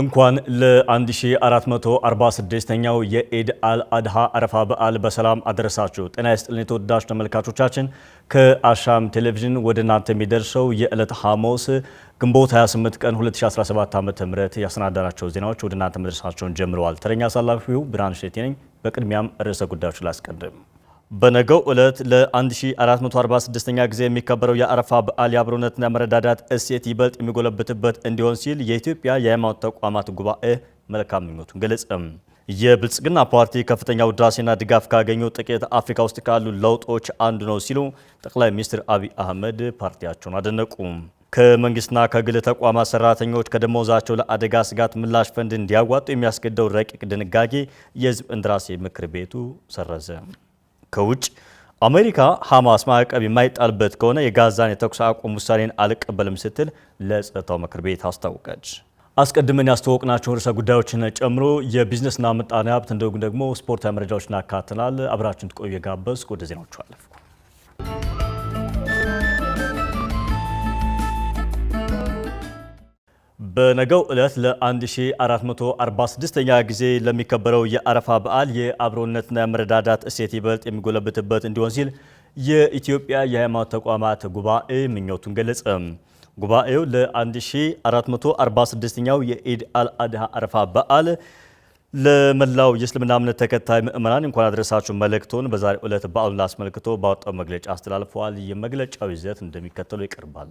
እንኳን ለ1446ኛው የኢድ አል አድሃ አረፋ በዓል በሰላም አደረሳችሁ። ጤና ይስጥልን የተወዳችሁ ተመልካቾቻችን፣ ከአሻም ቴሌቪዥን ወደ እናንተ የሚደርሰው የዕለት ሐሙስ ግንቦት 28 ቀን 2017 ዓ ም ያሰናዳናቸው ዜናዎች ወደ እናንተ መድረሳቸውን ጀምረዋል። ተረኛ አሳላፊው ብርሃን ሼቴ ነኝ። በቅድሚያም ርዕሰ ጉዳዮች ላስቀድም። በነገው ዕለት ለ1446ኛ ጊዜ የሚከበረው የአረፋ በዓል የአብሮነትና መረዳዳት እሴት ይበልጥ የሚጎለብትበት እንዲሆን ሲል የኢትዮጵያ የሃይማኖት ተቋማት ጉባኤ መልካም ምኞቱን ገለጸ። የብልጽግና ፓርቲ ከፍተኛ ውዳሴና ድጋፍ ካገኙ ጥቂት አፍሪካ ውስጥ ካሉ ለውጦች አንዱ ነው ሲሉ ጠቅላይ ሚኒስትር አብይ አህመድ ፓርቲያቸውን አደነቁ። ከመንግስትና ከግል ተቋማት ሰራተኞች ከደሞዛቸው ለአደጋ ስጋት ምላሽ ፈንድ እንዲያዋጡ የሚያስገድደው ረቂቅ ድንጋጌ የህዝብ እንደራሴ ምክር ቤቱ ሰረዘ። ከውጭ አሜሪካ ሐማስ ማዕቀብ የማይጣልበት ከሆነ የጋዛን የተኩስ አቁም ውሳኔን አልቀበልም ስትል ለጸጥታው ምክር ቤት አስታወቀች። አስቀድመን ያስተዋወቅናቸውን ርዕሰ ጉዳዮችን ጨምሮ የቢዝነስና ምጣኔ ሀብት እንደውም ደግሞ ስፖርታዊ መረጃዎችን አካትናል። አብራችን ትቆዩ የጋበዝኩ ወደ ዜናዎቹ አለፍኩ። በነገው ዕለት ለ1446ኛ ጊዜ ለሚከበረው የአረፋ በዓል የአብሮነትና የመረዳዳት እሴት ይበልጥ የሚጎለብትበት እንዲሆን ሲል የኢትዮጵያ የሃይማኖት ተቋማት ጉባኤ ምኞቱን ገለጸ። ጉባኤው ለ1446ኛው የኢድ አልአድሃ አረፋ በዓል ለመላው የእስልምና እምነት ተከታይ ምእመናን እንኳን አድረሳችሁ መልእክቱን በዛሬው ዕለት በዓሉን አስመልክቶ ባወጣው መግለጫ አስተላልፈዋል። የመግለጫው ይዘት እንደሚከተለው ይቀርባል።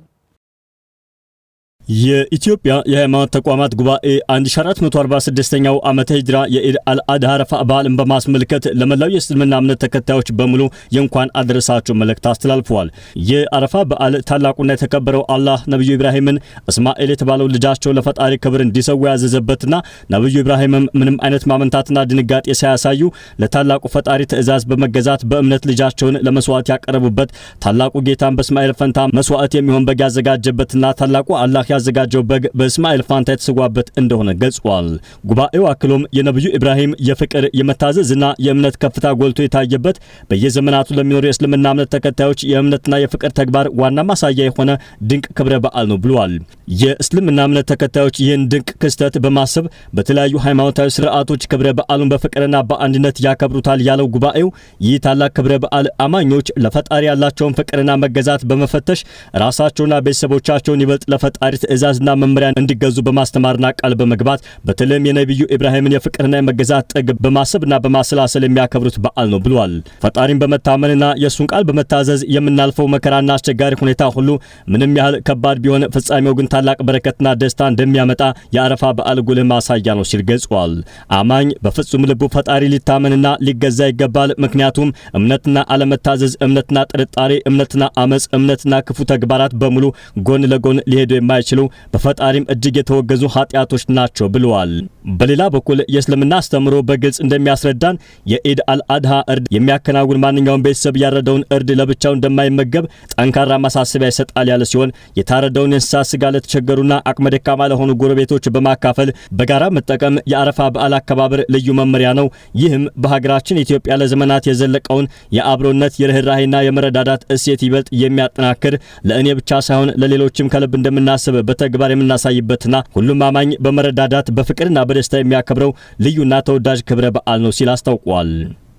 የኢትዮጵያ የሃይማኖት ተቋማት ጉባኤ 1446ኛው ዓመተ ሂጅራ የኢድ አልአድሃ አረፋ በዓልን በማስመልከት ለመላው የእስልምና እምነት ተከታዮች በሙሉ የእንኳን አደረሳችሁ መልእክት አስተላልፈዋል። የአረፋ በዓል ታላቁና የተከበረው አላህ ነቢዩ ኢብራሂምን እስማኤል የተባለው ልጃቸው ለፈጣሪ ክብር እንዲሰው ያዘዘበትና ነቢዩ ኢብራሂምም ምንም አይነት ማመንታትና ድንጋጤ ሳያሳዩ ለታላቁ ፈጣሪ ትእዛዝ በመገዛት በእምነት ልጃቸውን ለመስዋዕት ያቀረቡበት ታላቁ ጌታን በእስማኤል ፈንታ መስዋዕት የሚሆን በግ ያዘጋጀበትና ታላቁ አላህ ያዘጋጀው በግ በእስማኤል ፋንታ የተሰዋበት እንደሆነ ገልጿል። ጉባኤው አክሎም የነብዩ ኢብራሂም የፍቅር የመታዘዝና የእምነት ከፍታ ጎልቶ የታየበት በየዘመናቱ ለሚኖሩ የእስልምና እምነት ተከታዮች የእምነትና የፍቅር ተግባር ዋና ማሳያ የሆነ ድንቅ ክብረ በዓል ነው ብለዋል። የእስልምና እምነት ተከታዮች ይህን ድንቅ ክስተት በማሰብ በተለያዩ ሃይማኖታዊ ስርዓቶች ክብረ በዓሉን በፍቅርና በአንድነት ያከብሩታል ያለው ጉባኤው ይህ ታላቅ ክብረ በዓል አማኞች ለፈጣሪ ያላቸውን ፍቅርና መገዛት በመፈተሽ ራሳቸውና ቤተሰቦቻቸውን ይበልጥ ለፈጣሪ ትእዛዝና መመሪያን እንዲገዙ በማስተማርና ቃል በመግባት በተለይም የነቢዩ ኢብራሂምን የፍቅርና የመገዛት ጥግ በማሰብና በማሰላሰል የሚያከብሩት በዓል ነው ብሏል። ፈጣሪን በመታመንና የእሱን ቃል በመታዘዝ የምናልፈው መከራና አስቸጋሪ ሁኔታ ሁሉ ምንም ያህል ከባድ ቢሆን ፍጻሜው ግን ታላቅ በረከትና ደስታ እንደሚያመጣ የአረፋ በዓል ጉልህ ማሳያ ነው ሲል ገልጿል። አማኝ በፍጹም ልቡ ፈጣሪ ሊታመንና ሊገዛ ይገባል። ምክንያቱም እምነትና አለመታዘዝ፣ እምነትና ጥርጣሬ፣ እምነትና አመፅ፣ እምነትና ክፉ ተግባራት በሙሉ ጎን ለጎን ሊሄዱ የማይችል የማይችሉ በፈጣሪም እጅግ የተወገዙ ኃጢአቶች ናቸው ብለዋል። በሌላ በኩል የእስልምና አስተምሮ በግልጽ እንደሚያስረዳን የኢድ አልአድሃ እርድ የሚያከናውን ማንኛውም ቤተሰብ ያረደውን እርድ ለብቻው እንደማይመገብ ጠንካራ ማሳሰቢያ ይሰጣል ያለ ሲሆን የታረደውን እንስሳ ስጋ ለተቸገሩና አቅመ ደካማ ለሆኑ ጎረቤቶች በማካፈል በጋራ መጠቀም የአረፋ በዓል አከባበር ልዩ መመሪያ ነው። ይህም በሀገራችን ኢትዮጵያ ለዘመናት የዘለቀውን የአብሮነት የርኅራሄና የመረዳዳት እሴት ይበልጥ የሚያጠናክር ለእኔ ብቻ ሳይሆን ለሌሎችም ከልብ እንደምናስብ በተግባር የምናሳይበትና ሁሉም አማኝ በመረዳዳት በፍቅርና በደስታ የሚያከብረው ልዩና ተወዳጅ ክብረ በዓል ነው ሲል አስታውቋል።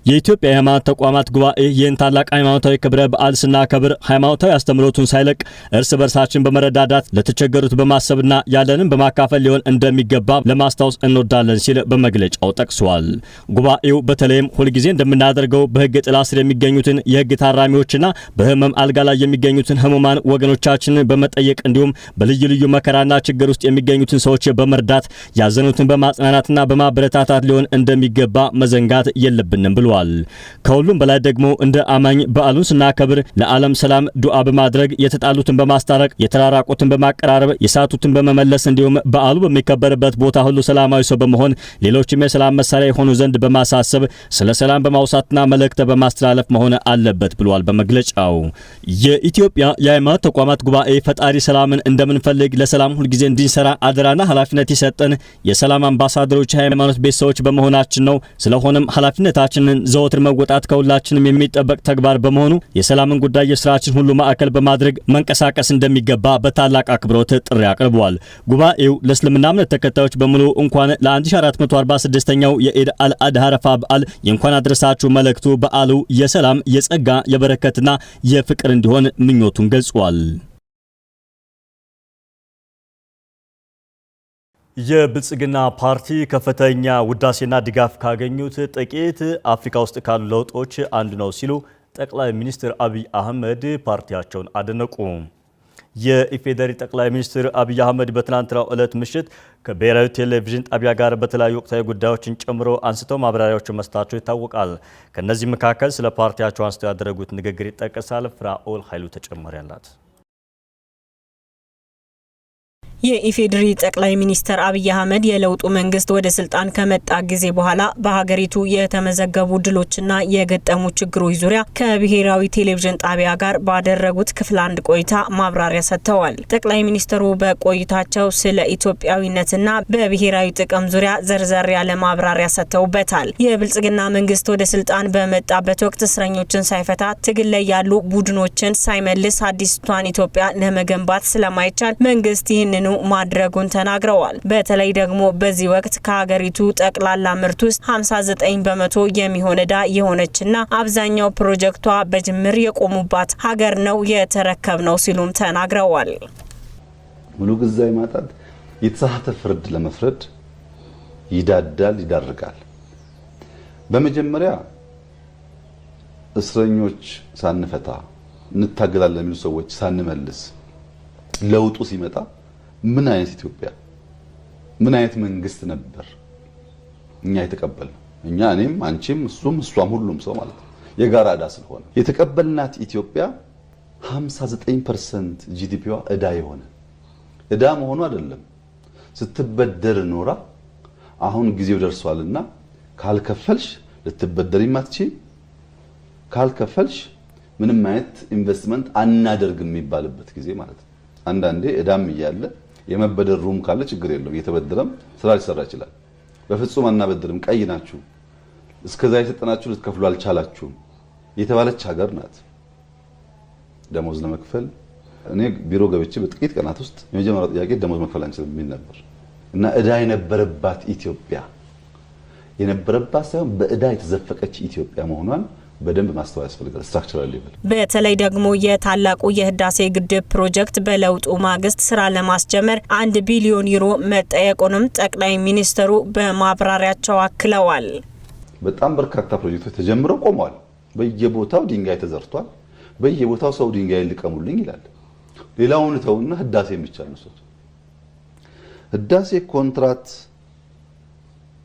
የኢትዮጵያ የሃይማኖት ተቋማት ጉባኤ ይህን ታላቅ ሃይማኖታዊ ክብረ በዓል ስናከብር ሃይማኖታዊ አስተምህሮቱን ሳይለቅ እርስ በርሳችን በመረዳዳት ለተቸገሩት በማሰብና ያለንን በማካፈል ሊሆን እንደሚገባ ለማስታወስ እንወዳለን ሲል በመግለጫው ጠቅሷል። ጉባኤው በተለይም ሁልጊዜ እንደምናደርገው በህግ ጥላ ስር የሚገኙትን የህግ ታራሚዎችና በህመም አልጋ ላይ የሚገኙትን ህሙማን ወገኖቻችንን በመጠየቅ እንዲሁም በልዩ ልዩ መከራና ችግር ውስጥ የሚገኙትን ሰዎች በመርዳት ያዘኑትን በማጽናናትና በማበረታታት ሊሆን እንደሚገባ መዘንጋት የለብንም ብሏል። ብሏል። ከሁሉም በላይ ደግሞ እንደ አማኝ በዓሉን ስናከብር ለዓለም ሰላም ዱዓ በማድረግ የተጣሉትን በማስታረቅ የተራራቁትን በማቀራረብ የሳቱትን በመመለስ እንዲሁም በዓሉ በሚከበርበት ቦታ ሁሉ ሰላማዊ ሰው በመሆን ሌሎችም የሰላም መሳሪያ የሆኑ ዘንድ በማሳሰብ ስለ ሰላም በማውሳትና መልእክት በማስተላለፍ መሆን አለበት ብሏል። በመግለጫው የኢትዮጵያ የሃይማኖት ተቋማት ጉባኤ ፈጣሪ ሰላምን እንደምንፈልግ ለሰላም ሁልጊዜ እንዲንሰራ አደራና ኃላፊነት የሰጠን የሰላም አምባሳደሮች የሃይማኖት ቤተሰቦች በመሆናችን ነው። ስለሆነም ኃላፊነታችንን ዘወትር መወጣት ከሁላችንም የሚጠበቅ ተግባር በመሆኑ የሰላምን ጉዳይ የስራችን ሁሉ ማዕከል በማድረግ መንቀሳቀስ እንደሚገባ በታላቅ አክብሮት ጥሪ አቅርበዋል። ጉባኤው ለእስልምና እምነት ተከታዮች በሙሉ እንኳን ለ1446ኛው የኢድ አልአድሃ አረፋ በዓል የእንኳን አድረሳችሁ መልእክቱ በዓሉ የሰላም የጸጋ የበረከትና የፍቅር እንዲሆን ምኞቱን ገልጿል። የብልጽግና ፓርቲ ከፍተኛ ውዳሴና ድጋፍ ካገኙት ጥቂት አፍሪካ ውስጥ ካሉ ለውጦች አንዱ ነው ሲሉ ጠቅላይ ሚኒስትር አብይ አህመድ ፓርቲያቸውን አደነቁ። የኢፌዴሪ ጠቅላይ ሚኒስትር አብይ አህመድ በትናንትናው ዕለት ምሽት ከብሔራዊ ቴሌቪዥን ጣቢያ ጋር በተለያዩ ወቅታዊ ጉዳዮችን ጨምሮ አንስተው ማብራሪያዎችን መስታቸው ይታወቃል። ከእነዚህ መካከል ስለ ፓርቲያቸው አንስተው ያደረጉት ንግግር ይጠቀሳል። ፍራኦል ኃይሉ ተጨማሪ አላት። የኢፌዴሪ ጠቅላይ ሚኒስትር አብይ አህመድ የለውጡ መንግስት ወደ ስልጣን ከመጣ ጊዜ በኋላ በሀገሪቱ የተመዘገቡ ድሎችና የገጠሙ ችግሮች ዙሪያ ከብሔራዊ ቴሌቪዥን ጣቢያ ጋር ባደረጉት ክፍል አንድ ቆይታ ማብራሪያ ሰጥተዋል። ጠቅላይ ሚኒስትሩ በቆይታቸው ስለ ኢትዮጵያዊነትና በብሔራዊ ጥቅም ዙሪያ ዘርዘር ያለ ማብራሪያ ሰጥተውበታል። የብልጽግና መንግስት ወደ ስልጣን በመጣበት ወቅት እስረኞችን ሳይፈታ ትግል ላይ ያሉ ቡድኖችን ሳይመልስ አዲስቷን ኢትዮጵያ ለመገንባት ስለማይቻል መንግስት ይህንኑ ማድረጉን ተናግረዋል። በተለይ ደግሞ በዚህ ወቅት ከሀገሪቱ ጠቅላላ ምርት ውስጥ 59 በመቶ የሚሆን እዳ የሆነችና አብዛኛው ፕሮጀክቷ በጅምር የቆሙባት ሀገር ነው የተረከብ ነው ሲሉም ተናግረዋል። ሙሉ ግዛይ ማጣት የተሳሳተ ፍርድ ለመፍረድ ይዳዳል፣ ይዳርጋል። በመጀመሪያ እስረኞች ሳንፈታ እንታገላለን የሚሉ ሰዎች ሳንመልስ ለውጡ ሲመጣ ምን አይነት ኢትዮጵያ ምን አይነት መንግስት ነበር እኛ የተቀበልነው? እኛ እኔም፣ አንቺም፣ እሱም፣ እሷም ሁሉም ሰው ማለት ነው። የጋራ እዳ ስለሆነ የተቀበልናት ኢትዮጵያ 59% ጂዲፒዋ እዳ የሆነ እዳ መሆኑ አይደለም ስትበደር ኖራ አሁን ጊዜው ደርሷልና ካልከፈልሽ ልትበደር የማትችል ካልከፈልሽ ምንም አይነት ኢንቨስትመንት አናደርግ የሚባልበት ጊዜ ማለት ነው። አንዳንዴ እዳም እያለ የመበደር ሩም ካለ ችግር የለም። እየተበደረም ስራ ሊሰራ ይችላል። በፍጹም አናበድርም፣ ቀይ ናችሁ፣ እስከዛ የሰጠናችሁ ልትከፍሉ አልቻላችሁም የተባለች ሀገር ናት። ደሞዝ ለመክፈል እኔ ቢሮ ገብቼ በጥቂት ቀናት ውስጥ የመጀመሪያው ጥያቄ ደሞዝ መክፈል አንችልም የሚል ነበር እና እዳ የነበረባት ኢትዮጵያ የነበረባት ሳይሆን በእዳ የተዘፈቀች ኢትዮጵያ መሆኗን በደንብ ማስተዋል ያስፈልጋል። ስትራክቸራል ሌቭል በተለይ ደግሞ የታላቁ የህዳሴ ግድብ ፕሮጀክት በለውጡ ማግስት ስራ ለማስጀመር አንድ ቢሊዮን ዩሮ መጠየቁንም ጠቅላይ ሚኒስትሩ በማብራሪያቸው አክለዋል። በጣም በርካታ ፕሮጀክቶች ተጀምረው ቆመዋል። በየቦታው ድንጋይ ተዘርቷል። በየቦታው ሰው ድንጋይ ልቀሙልኝ ይላል። ሌላውን ተውና ህዳሴ የሚቻል ነው። ህዳሴ ኮንትራት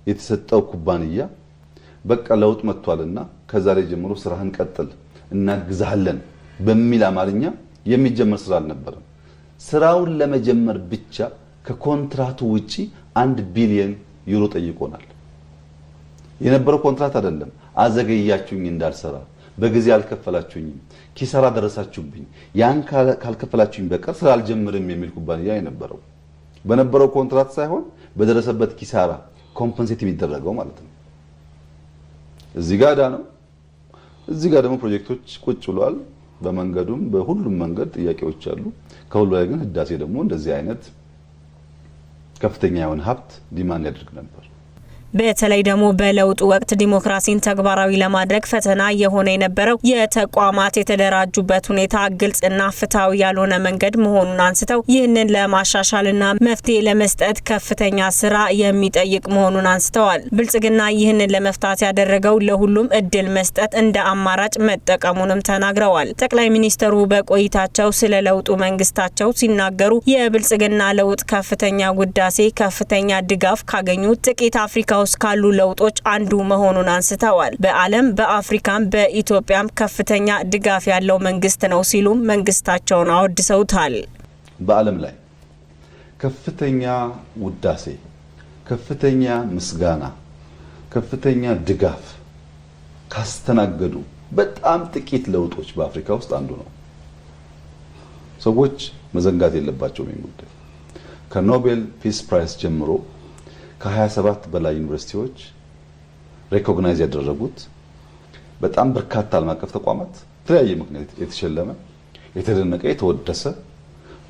የተሰጠው ኩባንያ በቃ ለውጥ መጥቷልና ከዛሬ ጀምሮ ስራህን ቀጥል እናግዛለን በሚል አማርኛ የሚጀመር ስራ አልነበረም። ስራውን ለመጀመር ብቻ ከኮንትራቱ ውጪ አንድ ቢሊየን ዩሮ ጠይቆናል። የነበረው ኮንትራት አይደለም። አዘገያችሁኝ፣ እንዳልሰራ በጊዜ አልከፈላችሁኝም፣ ኪሳራ ደረሳችሁብኝ፣ ያን ካልከፈላችሁኝ በቀር ስራ አልጀምርም የሚል ኩባንያ የነበረው በነበረው ኮንትራት ሳይሆን በደረሰበት ኪሳራ ኮምፐንሴት የሚደረገው ማለት ነው። እዚህ ጋር እዳ ነው እዚህ ጋር ደግሞ ፕሮጀክቶች ቁጭ ብሏል። በመንገዱም በሁሉም መንገድ ጥያቄዎች አሉ። ከሁሉ ላይ ግን ህዳሴ ደግሞ እንደዚህ አይነት ከፍተኛ የሆነ ሀብት ዲማንድ ያደርግ ነበር። በተለይ ደግሞ በለውጡ ወቅት ዲሞክራሲን ተግባራዊ ለማድረግ ፈተና እየሆነ የነበረው የተቋማት የተደራጁበት ሁኔታ ግልጽና ፍትሐዊ ያልሆነ መንገድ መሆኑን አንስተው ይህንን ለማሻሻልና መፍትሄ ለመስጠት ከፍተኛ ስራ የሚጠይቅ መሆኑን አንስተዋል። ብልጽግና ይህንን ለመፍታት ያደረገው ለሁሉም እድል መስጠት እንደ አማራጭ መጠቀሙንም ተናግረዋል። ጠቅላይ ሚኒስትሩ በቆይታቸው ስለ ለውጡ መንግስታቸው ሲናገሩ የብልጽግና ለውጥ ከፍተኛ ውዳሴ፣ ከፍተኛ ድጋፍ ካገኙ ጥቂት አፍሪካ ውስጥ ካሉ ለውጦች አንዱ መሆኑን አንስተዋል። በዓለም በአፍሪካም በኢትዮጵያም ከፍተኛ ድጋፍ ያለው መንግስት ነው ሲሉም መንግስታቸውን አወድሰውታል። በዓለም ላይ ከፍተኛ ውዳሴ፣ ከፍተኛ ምስጋና፣ ከፍተኛ ድጋፍ ካስተናገዱ በጣም ጥቂት ለውጦች በአፍሪካ ውስጥ አንዱ ነው። ሰዎች መዘንጋት የለባቸውም ይህን ጉዳይ ከኖቤል ፒስ ፕራይስ ጀምሮ ከ27 በላይ ዩኒቨርሲቲዎች ሬኮግናይዝ ያደረጉት በጣም በርካታ ዓለም አቀፍ ተቋማት የተለያየ ምክንያት የተሸለመ የተደነቀ የተወደሰ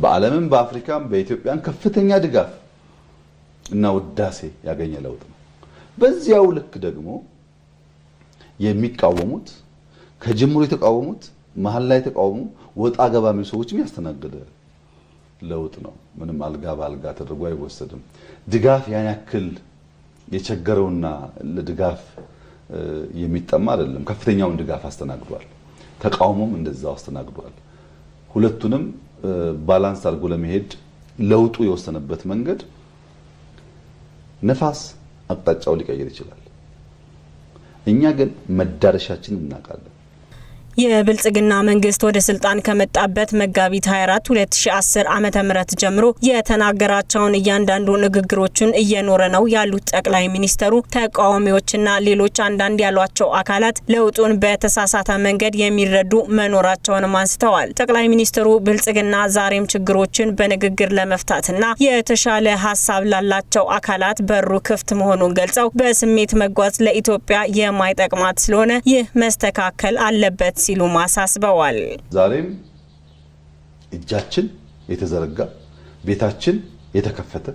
በዓለምም በአፍሪካም በኢትዮጵያን ከፍተኛ ድጋፍ እና ውዳሴ ያገኘ ለውጥ ነው። በዚያው ልክ ደግሞ የሚቃወሙት ከጅምሩ የተቃወሙት መሀል ላይ የተቃወሙ ወጣ ገባ የሚሉ ሰዎችም ያስተናገደ ለውጥ ነው። ምንም አልጋ በአልጋ ተደርጎ አይወሰድም። ድጋፍ ያን ያክል የቸገረውና ለድጋፍ የሚጠማ አይደለም። ከፍተኛውን ድጋፍ አስተናግዷል። ተቃውሞም እንደዛው አስተናግዷል። ሁለቱንም ባላንስ አድርጎ ለመሄድ ለውጡ የወሰነበት መንገድ ነፋስ አቅጣጫው ሊቀይር ይችላል። እኛ ግን መዳረሻችን እናውቃለን። የብልጽግና መንግስት ወደ ስልጣን ከመጣበት መጋቢት 24 2010 ዓ ም ጀምሮ የተናገራቸውን እያንዳንዱ ንግግሮችን እየኖረ ነው ያሉት ጠቅላይ ሚኒስተሩ ተቃዋሚዎችና ሌሎች አንዳንድ ያሏቸው አካላት ለውጡን በተሳሳተ መንገድ የሚረዱ መኖራቸውንም አንስተዋል። ጠቅላይ ሚኒስትሩ ብልጽግና ዛሬም ችግሮችን በንግግር ለመፍታትና የተሻለ ሀሳብ ላላቸው አካላት በሩ ክፍት መሆኑን ገልጸው በስሜት መጓዝ ለኢትዮጵያ የማይጠቅማት ስለሆነ ይህ መስተካከል አለበት ሲሉም አሳስበዋል። ዛሬም እጃችን የተዘረጋ ቤታችን የተከፈተ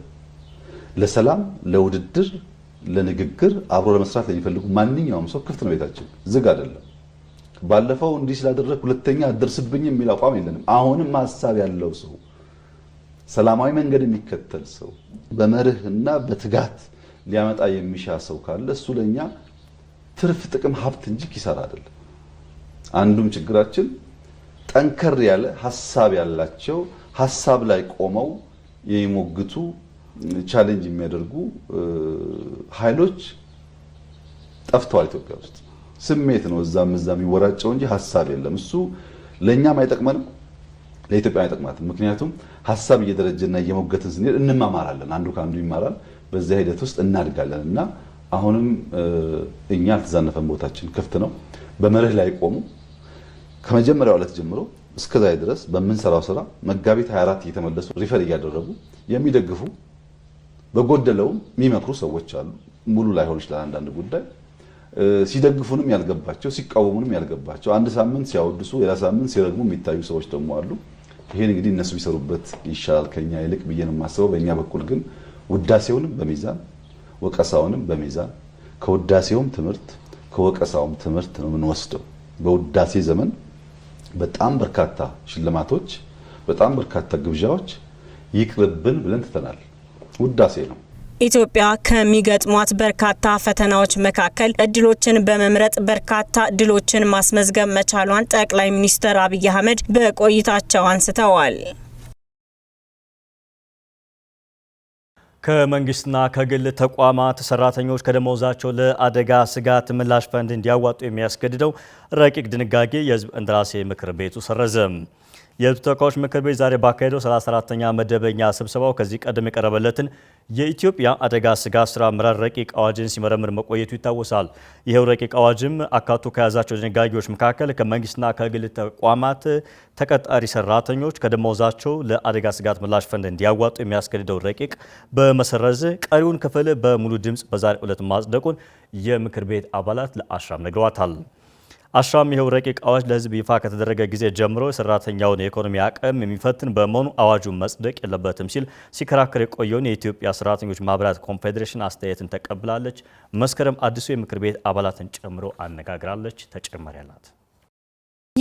ለሰላም፣ ለውድድር፣ ለንግግር አብሮ ለመስራት ለሚፈልጉ ማንኛውም ሰው ክፍት ነው። ቤታችን ዝግ አይደለም። ባለፈው እንዲህ ስላደረግ ሁለተኛ ድርስብኝ የሚል አቋም የለንም። አሁንም ሀሳብ ያለው ሰው ሰላማዊ መንገድ የሚከተል ሰው በመርህ እና በትጋት ሊያመጣ የሚሻ ሰው ካለ እሱ ለእኛ ትርፍ ጥቅም ሀብት እንጂ ኪሳራ አይደለም። አንዱም ችግራችን ጠንከር ያለ ሀሳብ ያላቸው ሀሳብ ላይ ቆመው የሚሞግቱ ቻሌንጅ የሚያደርጉ ኃይሎች ጠፍተዋል ኢትዮጵያ ውስጥ። ስሜት ነው እዛም እዛ የሚወራጨው እንጂ ሀሳብ የለም። እሱ ለእኛም አይጠቅመንም፣ ለኢትዮጵያ አይጠቅማትም። ምክንያቱም ሀሳብ እየደረጀና እየሞገትን ስንሄድ እንማማራለን፣ አንዱ ከአንዱ ይማራል። በዚያ ሂደት ውስጥ እናድጋለን እና አሁንም እኛ አልተዛነፈን፣ ቦታችን ክፍት ነው። በመርህ ላይ ቆሙ ከመጀመሪያው ዕለት ጀምሮ እስከዛ ድረስ በምንሰራው ስራ መጋቢት 24 እየተመለሱ ሪፈር እያደረጉ የሚደግፉ በጎደለውም የሚመክሩ ሰዎች አሉ። ሙሉ ላይሆን ይችላል አንዳንድ ጉዳይ ሲደግፉንም ያልገባቸው ሲቃወሙንም ያልገባቸው አንድ ሳምንት ሲያወድሱ ሌላ ሳምንት ሲረግሙ የሚታዩ ሰዎች ደግሞ አሉ። ይሄን እንግዲህ እነሱ ቢሰሩበት ይሻላል ከኛ ይልቅ ብዬ ነው የማስበው። በእኛ በኩል ግን ውዳሴውንም በሚዛን ወቀሳውንም በሚዛን ከውዳሴውም ትምህርት ከወቀሳውም ትምህርት ነው የምንወስደው። በውዳሴ ዘመን በጣም በርካታ ሽልማቶች፣ በጣም በርካታ ግብዣዎች ይቅርብን ብለን ትተናል። ውዳሴ ነው። ኢትዮጵያ ከሚገጥሟት በርካታ ፈተናዎች መካከል እድሎችን በመምረጥ በርካታ ድሎችን ማስመዝገብ መቻሏን ጠቅላይ ሚኒስትር አብይ አህመድ በቆይታቸው አንስተዋል። ከመንግስትና ከግል ተቋማት ሰራተኞች ከደሞዛቸው ለአደጋ ስጋት ምላሽ ፈንድ እንዲያዋጡ የሚያስገድደው ረቂቅ ድንጋጌ የህዝብ እንደራሴ ምክር ቤቱ ሰረዘ። የህዝብ ተወካዮች ምክር ቤት ዛሬ ባካሄደው 34ተኛ መደበኛ ስብሰባው ከዚህ ቀደም የቀረበለትን የኢትዮጵያ አደጋ ስጋት ስራ አመራር ረቂቅ አዋጅን ሲመረምር መቆየቱ ይታወሳል። ይኸው ረቂቅ አዋጅም አካቶ ከያዛቸው ድንጋጌዎች መካከል ከመንግስትና ከግል ተቋማት ተቀጣሪ ሰራተኞች ከደመወዛቸው ለአደጋ ስጋት ምላሽ ፈንድ እንዲያዋጡ የሚያስገድደው ረቂቅ በመሰረዝ ቀሪውን ክፍል በሙሉ ድምፅ በዛሬው ዕለት ማጽደቁን የምክር ቤት አባላት ለአሻም ነግረዋታል። አሻም ይኸው ረቂቅ አዋጅ ለህዝብ ይፋ ከተደረገ ጊዜ ጀምሮ የሰራተኛውን የኢኮኖሚ አቅም የሚፈትን በመሆኑ አዋጁ መጽደቅ የለበትም ሲል ሲከራከር የቆየውን የኢትዮጵያ ሰራተኞች ማህበራት ኮንፌዴሬሽን አስተያየትን ተቀብላለች። መስከረም አዲሱ የምክር ቤት አባላትን ጨምሮ አነጋግራለች። ተጨማሪ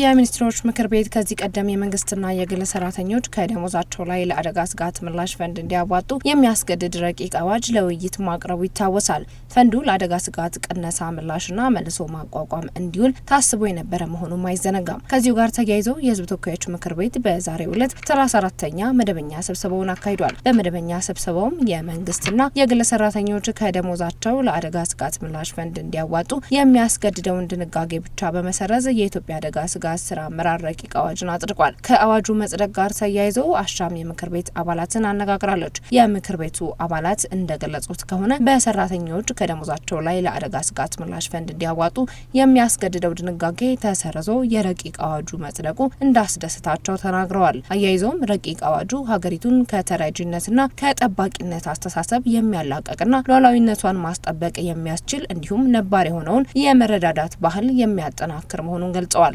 የሚኒስትሮች ምክር ቤት ከዚህ ቀደም የመንግስትና የግል ሰራተኞች ከደሞዛቸው ላይ ለአደጋ ስጋት ምላሽ ፈንድ እንዲያዋጡ የሚያስገድድ ረቂቅ አዋጅ ለውይይት ማቅረቡ ይታወሳል። ፈንዱ ለአደጋ ስጋት ቅነሳ ምላሽና መልሶ ማቋቋም እንዲውል ታስቦ የነበረ መሆኑም አይዘነጋም። ከዚሁ ጋር ተያይዞ የህዝብ ተወካዮች ምክር ቤት በዛሬው ዕለት ሰላሳ አራተኛ መደበኛ ስብሰባውን አካሂዷል። በመደበኛ ስብሰባውም የመንግስትና የግል ሰራተኞች ከደሞዛቸው ለአደጋ ስጋት ምላሽ ፈንድ እንዲያዋጡ የሚያስገድደውን ድንጋጌ ብቻ በመሰረዝ የኢትዮጵያ አደጋ ስጋት ስራ አመራር ረቂቅ አዋጅን አጽድቋል። ከአዋጁ መጽደቅ ጋር ተያይዞ አሻም የምክር ቤት አባላትን አነጋግራለች። የምክር ቤቱ አባላት እንደገለጹት ከሆነ በሰራተኞች ከደሞዛቸው ላይ ለአደጋ ስጋት ምላሽ ፈንድ እንዲያዋጡ የሚያስገድደው ድንጋጌ ተሰርዞ የረቂቅ አዋጁ መጽደቁ እንዳስደስታቸው ተናግረዋል። አያይዞም ረቂቅ አዋጁ ሀገሪቱን ከተረጂነትና ከጠባቂነት አስተሳሰብ የሚያላቀቅና ሉዓላዊነቷን ማስጠበቅ የሚያስችል እንዲሁም ነባር የሆነውን የመረዳዳት ባህል የሚያጠናክር መሆኑን ገልጸዋል።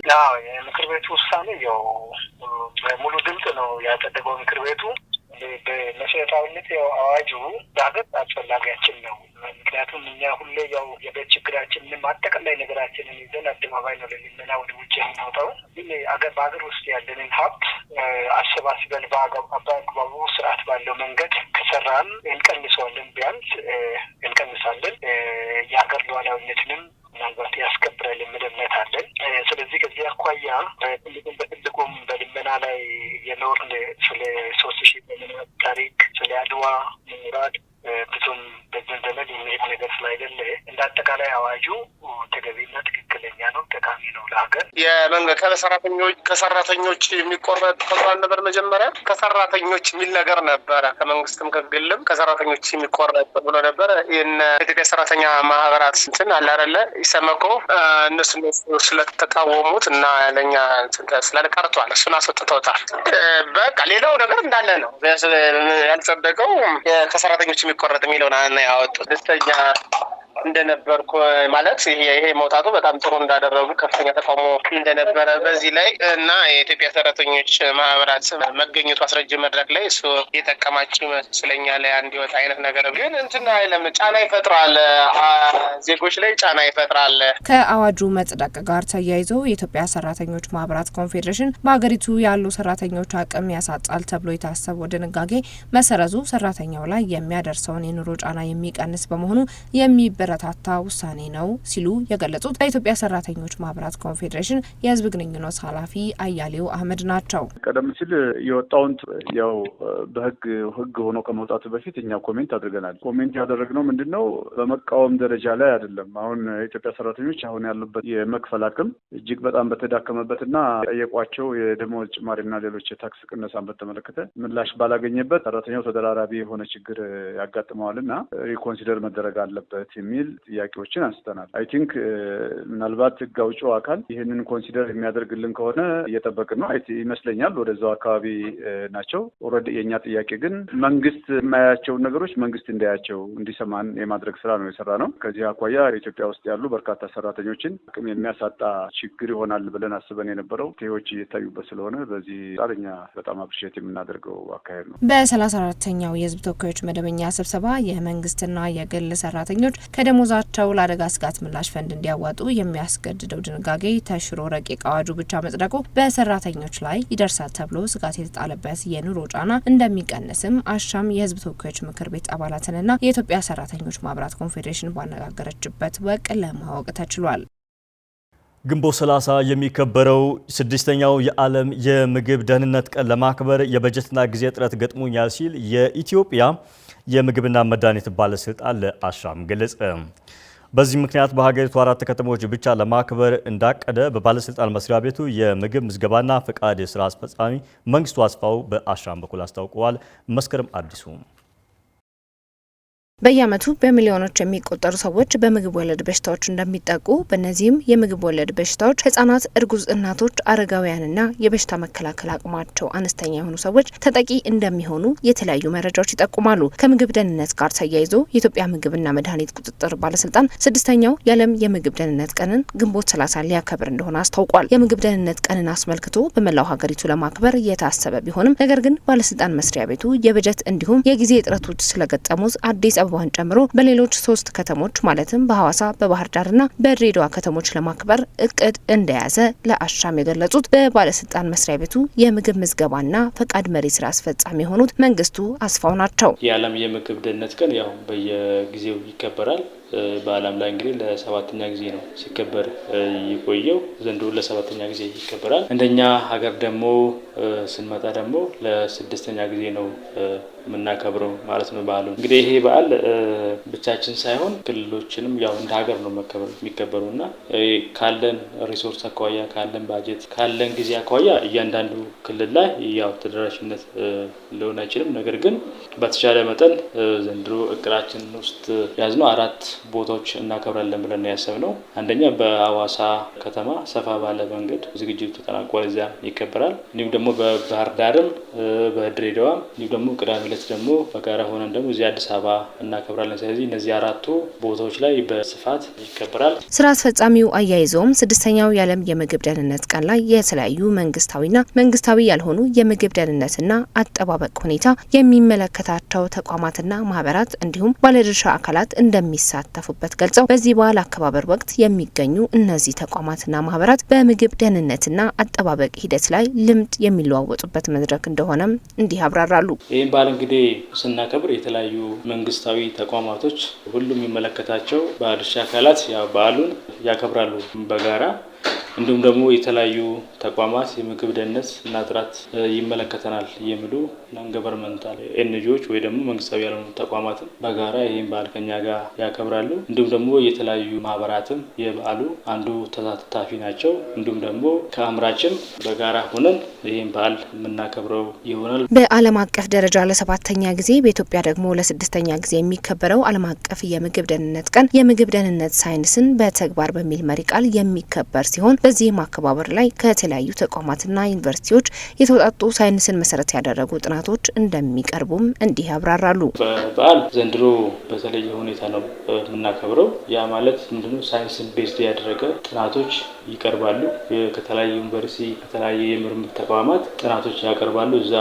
የምክር ቤቱ ውሳኔ ያው በሙሉ ድምፅ ነው ያጸደቀው ምክር ቤቱ። በመሰረታዊነት ያው አዋጁ በሀገር አስፈላጊያችን ነው። ምክንያቱም እኛ ሁሌ ያው የቤት ችግራችንን አጠቃላይ ነገራችንን ይዘን አደባባይ ነው ለሚመና ወደ ውጭ የምንወጣው። ግን አገር በሀገር ውስጥ ያለንን ሀብት አሰባስበን በአግባቡ ስርዓት ባለው መንገድ ከሰራን እንቀንሰዋለን፣ ቢያንስ እንቀንሳለን። የሀገር ሉዓላዊነትንም ምናልባት ያስከብራል የሚል እምነት አለን። ስለዚህ ከዚህ አኳያ ትልቁም በትልቁም በልመና ላይ የኖርን ስለ ሶስት ሺህ ታሪክ ስለ አድዋ ምሁራን ብዙም በዝን ዘመን የሚሄድ ነገር ስላይደለ እንደ አጠቃላይ አዋጁ ተገቢና ትክክለኛ ነው፣ ጠቃሚ ነው ለሀገር። የመንገድ ከሰራተኞች ከሰራተኞች የሚቆረጥ ተብሏል ነበር መጀመሪያ ከሰራተኞች የሚል ነገር ነበረ፣ ከመንግስትም ከግልም ከሰራተኞች የሚቆረጥ ብሎ ነበረ። ይህን የኢትዮጵያ ሰራተኛ ማህበራት እንትን አለ አይደለ ኢሰመኮ እነሱ ስለተቃወሙት እና ለኛ ስለቀርቷል፣ እሱን አስወጥተውታል። በቃ ሌላው ነገር እንዳለ ነው ያልጸደቀው ከሰራተኞች correte mi mil una vez a Esta ya እንደነበርኩ ማለት ይሄ መውጣቱ በጣም ጥሩ እንዳደረጉ ከፍተኛ ተቃውሞ እንደነበረ በዚህ ላይ እና የኢትዮጵያ ሰራተኞች ማህበራት መገኘቱ አስረጅ መድረክ ላይ እሱ የጠቀማቸው ይመስለኛል። አንድ ወጥ አይነት ነገር ግን እንትን አይለም ጫና ይፈጥራል፣ ዜጎች ላይ ጫና ይፈጥራል። ከአዋጁ መጽደቅ ጋር ተያይዞ የኢትዮጵያ ሰራተኞች ማህበራት ኮንፌዴሬሽን በሀገሪቱ ያሉ ሰራተኞች አቅም ያሳጣል ተብሎ የታሰበው ድንጋጌ መሰረዙ ሰራተኛው ላይ የሚያደርሰውን የኑሮ ጫና የሚቀንስ በመሆኑ የሚበረ የሚያበረታታ ውሳኔ ነው ሲሉ የገለጹት በኢትዮጵያ ሰራተኞች ማህበራት ኮንፌዴሬሽን የህዝብ ግንኙነት ኃላፊ አያሌው አህመድ ናቸው። ቀደም ሲል የወጣውን ያው በህግ ህግ ሆኖ ከመውጣቱ በፊት እኛ ኮሜንት አድርገናል። ኮሜንት ያደረግነው ምንድን ነው በመቃወም ደረጃ ላይ አይደለም። አሁን የኢትዮጵያ ሰራተኞች አሁን ያሉበት የመክፈል አቅም እጅግ በጣም በተዳከመበትና ጠየቋቸው የደሞዝ ጭማሪና ሌሎች የታክስ ቅነሳን በተመለከተ ምላሽ ባላገኘበት ሰራተኛው ተደራራቢ የሆነ ችግር ያጋጥመዋልና ሪኮንሲደር መደረግ አለበት የሚል የሚል ጥያቄዎችን አንስተናል። አይ ቲንክ ምናልባት ህግ አውጪው አካል ይህንን ኮንሲደር የሚያደርግልን ከሆነ እየጠበቅን ነው ይመስለኛል። ወደዛው አካባቢ ናቸው። ኦልሬዲ የእኛ ጥያቄ ግን መንግስት የማያቸውን ነገሮች መንግስት እንዳያቸው እንዲሰማን የማድረግ ስራ ነው የሰራ ነው። ከዚህ አኳያ ኢትዮጵያ ውስጥ ያሉ በርካታ ሰራተኞችን አቅም የሚያሳጣ ችግር ይሆናል ብለን አስበን የነበረው ቴዎች እየታዩበት ስለሆነ በዚህ ጣር በጣም አፕሪሼት የምናደርገው አካሄድ ነው። በሰላሳ አራተኛው የህዝብ ተወካዮች መደበኛ ስብሰባ የመንግስትና የግል ሰራተኞች ከደ ከደሞዛቸው ለአደጋ ስጋት ምላሽ ፈንድ እንዲያዋጡ የሚያስገድደው ድንጋጌ ተሽሮ ረቂቅ አዋጁ ብቻ መጽደቁ በሰራተኞች ላይ ይደርሳል ተብሎ ስጋት የተጣለበት የኑሮ ጫና እንደሚቀንስም አሻም የህዝብ ተወካዮች ምክር ቤት አባላትንና የኢትዮጵያ ሰራተኞች ማህበራት ኮንፌዴሬሽን ባነጋገረችበት ወቅት ለማወቅ ተችሏል። ግንቦት 30 የሚከበረው ስድስተኛው የዓለም የምግብ ደህንነት ቀን ለማክበር የበጀትና ጊዜ እጥረት ገጥሞኛል ሲል የኢትዮጵያ የምግብና መድኃኒት ባለስልጣን ለአሻም ገለጸ። በዚህ ምክንያት በሀገሪቱ አራት ከተሞች ብቻ ለማክበር እንዳቀደ በባለስልጣን መስሪያ ቤቱ የምግብ ምዝገባና ፈቃድ የስራ አስፈጻሚ መንግስቱ አስፋው በአሻም በኩል አስታውቀዋል። መስከረም አዲሱ በየዓመቱ በሚሊዮኖች የሚቆጠሩ ሰዎች በምግብ ወለድ በሽታዎች እንደሚጠቁ በእነዚህም የምግብ ወለድ በሽታዎች ህጻናት፣ እርጉዝ እናቶች፣ አረጋውያንና የበሽታ መከላከል አቅማቸው አነስተኛ የሆኑ ሰዎች ተጠቂ እንደሚሆኑ የተለያዩ መረጃዎች ይጠቁማሉ። ከምግብ ደህንነት ጋር ተያይዞ የኢትዮጵያ ምግብና መድኃኒት ቁጥጥር ባለስልጣን ስድስተኛው የዓለም የምግብ ደህንነት ቀንን ግንቦት ሰላሳ ሊያከብር እንደሆነ አስታውቋል። የምግብ ደህንነት ቀንን አስመልክቶ በመላው ሀገሪቱ ለማክበር የታሰበ ቢሆንም ነገር ግን ባለስልጣን መስሪያ ቤቱ የበጀት እንዲሁም የጊዜ እጥረቶች ስለገጠሙት አዲስ አበባን ጨምሮ በሌሎች ሶስት ከተሞች ማለትም በሐዋሳ በባህር ዳርና በድሬዳዋ ከተሞች ለማክበር እቅድ እንደያዘ ለአሻም የገለጹት በባለስልጣን መስሪያ ቤቱ የምግብ ምዝገባና ፈቃድ መሪ ስራ አስፈጻሚ የሆኑት መንግስቱ አስፋው ናቸው። የዓለም የምግብ ደህንነት ቀን ያው በየጊዜው ይከበራል። በዓለም ላይ እንግዲህ ለሰባተኛ ጊዜ ነው ሲከበር የቆየው። ዘንድሮ ለሰባተኛ ጊዜ ይከበራል። እንደኛ ሀገር ደግሞ ስንመጣ ደግሞ ለስድስተኛ ጊዜ ነው የምናከብረው ማለት ነው። በዓሉ እንግዲህ ይሄ በዓል ብቻችን ሳይሆን ክልሎችንም ያው እንደ ሀገር ነው መከበር የሚከበሩ እና ካለን ሪሶርስ አኳያ ካለን ባጀት ካለን ጊዜ አኳያ እያንዳንዱ ክልል ላይ ያው ተደራሽነት ሊሆን አይችልም። ነገር ግን በተቻለ መጠን ዘንድሮ እቅራችን ውስጥ ያዝነው አራት ቦታዎች እናከብራለን ብለን ነው ያሰብነው። አንደኛ በአዋሳ ከተማ ሰፋ ባለ መንገድ ዝግጅቱ ተጠናቋል፣ እዚያ ይከበራል። እንዲሁም ደግሞ በባህር ዳርም በድሬዳዋም እንዲሁም ደግሞ ቅዳሜ ዕለት ደግሞ በጋራ ሆነን ደግሞ እዚህ አዲስ አበባ እናከብራለን። ስለዚህ እነዚህ አራቱ ቦታዎች ላይ በስፋት ይከበራል። ስራ አስፈጻሚው አያይዘውም ስድስተኛው የዓለም የምግብ ደህንነት ቀን ላይ የተለያዩ መንግስታዊና መንግስታዊ ያልሆኑ የምግብ ደህንነትና አጠባበቅ ሁኔታ የሚመለከታቸው ተቋማትና ማህበራት እንዲሁም ባለድርሻ አካላት እንደሚሳ እንደሚሳተፉበት ገልጸው በዚህ በዓል አከባበር ወቅት የሚገኙ እነዚህ ተቋማትና ማህበራት በምግብ ደህንነትና አጠባበቅ ሂደት ላይ ልምድ የሚለዋወጡበት መድረክ እንደሆነም እንዲህ አብራራሉ። ይህም በዓል እንግዲህ ስናከብር የተለያዩ መንግስታዊ ተቋማቶች ሁሉም የሚመለከታቸው ባለድርሻ አካላት ያው በዓሉን ያከብራሉ በጋራ እንዲሁም ደግሞ የተለያዩ ተቋማት የምግብ ደህንነት እና ጥራት ይመለከተናል የሚሉ ናን ገቨርንመንታል ኤንጂዎች ወይ ደግሞ መንግስታዊ ያልሆኑ ተቋማትም በጋራ ይህም በዓል ከኛ ጋር ያከብራሉ። እንዲሁም ደግሞ የተለያዩ ማህበራትም የበዓሉ አንዱ ተሳታፊ ናቸው። እንዲሁም ደግሞ ከአምራችም በጋራ ሆነን ይህም በዓል የምናከብረው ይሆናል። በዓለም አቀፍ ደረጃ ለሰባተኛ ጊዜ በኢትዮጵያ ደግሞ ለስድስተኛ ጊዜ የሚከበረው ዓለም አቀፍ የምግብ ደህንነት ቀን የምግብ ደህንነት ሳይንስን በተግባር በሚል መሪ ቃል የሚከበር ሲሆን በዚህም አከባበር ላይ ከተለያዩ ተቋማትና ዩኒቨርሲቲዎች የተውጣጡ ሳይንስን መሰረት ያደረጉ ጥናቶች እንደሚቀርቡም እንዲህ ያብራራሉ። በዓል ዘንድሮ በተለየ ሁኔታ ነው የምናከብረው። ያ ማለት ምንድነው? ሳይንስን ቤዝድ ያደረገ ጥናቶች ይቀርባሉ። ከተለያዩ ዩኒቨርሲቲ፣ ከተለያዩ የምርምር ተቋማት ጥናቶች ያቀርባሉ። እዛ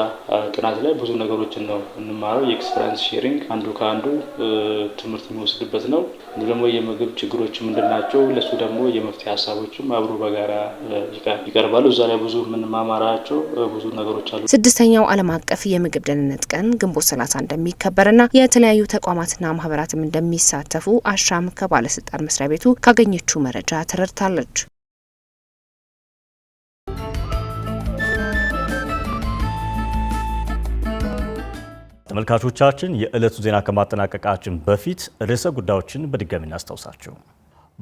ጥናት ላይ ብዙ ነገሮችን ነው እንማረው። የኤክስፐሪንስ ሼሪንግ አንዱ ከአንዱ ትምህርት የሚወስድበት ነው። ደግሞ የምግብ ችግሮች ናቸው፣ ለሱ ደግሞ የመፍትሄ ሀሳቦችም አብሮ በጋራ ይቀርባሉ። እዛ ላይ ብዙ የምንማማራቸው ብዙ ነገሮች አሉ። ስድስተኛው ዓለም አቀፍ የምግብ ደህንነት ቀን ግንቦት ሰላሳ እንደሚከበርና የተለያዩ ተቋማትና ማህበራትም እንደሚሳተፉ አሻም ከባለስልጣን መስሪያ ቤቱ ካገኘችው መረጃ ተረድታለች። ተመልካቾቻችን የዕለቱ ዜና ከማጠናቀቃችን በፊት ርዕሰ ጉዳዮችን በድጋሚ እናስታውሳችሁ።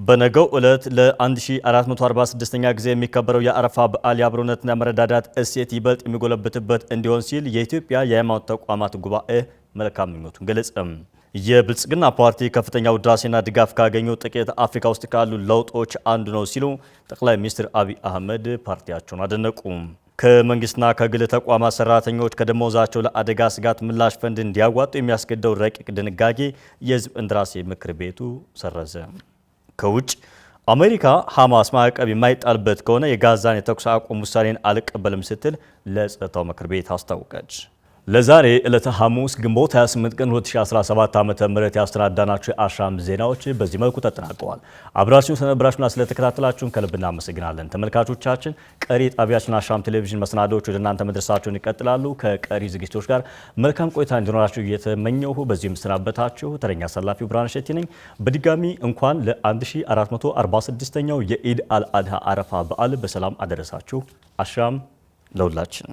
በነገው ዕለት ለ1446ኛ ጊዜ የሚከበረው የአረፋ በዓል የአብሮነትና መረዳዳት እሴት ይበልጥ የሚጎለብትበት እንዲሆን ሲል የኢትዮጵያ የሃይማኖት ተቋማት ጉባኤ መልካም ምኞቱን ገለጸ። የብልጽግና ፓርቲ ከፍተኛ ውዳሴና ድጋፍ ካገኙ ጥቂት አፍሪካ ውስጥ ካሉ ለውጦች አንዱ ነው ሲሉ ጠቅላይ ሚኒስትር አብይ አህመድ ፓርቲያቸውን አደነቁ። ከመንግስትና ከግል ተቋማት ሰራተኞች ከደሞዛቸው ለአደጋ ስጋት ምላሽ ፈንድ እንዲያዋጡ የሚያስገድደው ረቂቅ ድንጋጌ የህዝብ እንደራሴ ምክር ቤቱ ሰረዘ። ከውጭ አሜሪካ ሐማስ ማዕቀብ የማይጣልበት ከሆነ የጋዛን የተኩስ አቁም ውሳኔን አልቀበልም ስትል ለጸጥታው ምክር ቤት አስታወቀች። ለዛሬ ዕለተ ሐሙስ ግንቦት 28 ቀን 2017 ዓ.ም ያስተናዳናቸው የአሻም ዜናዎች በዚህ መልኩ ተጠናቀዋል። አብራችሁን ስለነበራችሁና ስለተከታተላችሁን ከልብ እናመሰግናለን። ተመልካቾቻችን ቀሪ ጣቢያችን አሻም ቴሌቪዥን መሰናዶዎች ወደ እናንተ መድረሳቸውን ይቀጥላሉ። ከቀሪ ዝግጅቶች ጋር መልካም ቆይታ እንዲኖራችሁ እየተመኘሁ በዚሁ የምሰናበታችሁ ተረኛ አሳላፊው ብርሃን ሸቲ ነኝ። በድጋሚ እንኳን ለ1446ኛው የኢድ አልአድሃ አረፋ በዓል በሰላም አደረሳችሁ። አሻም ለሁላችን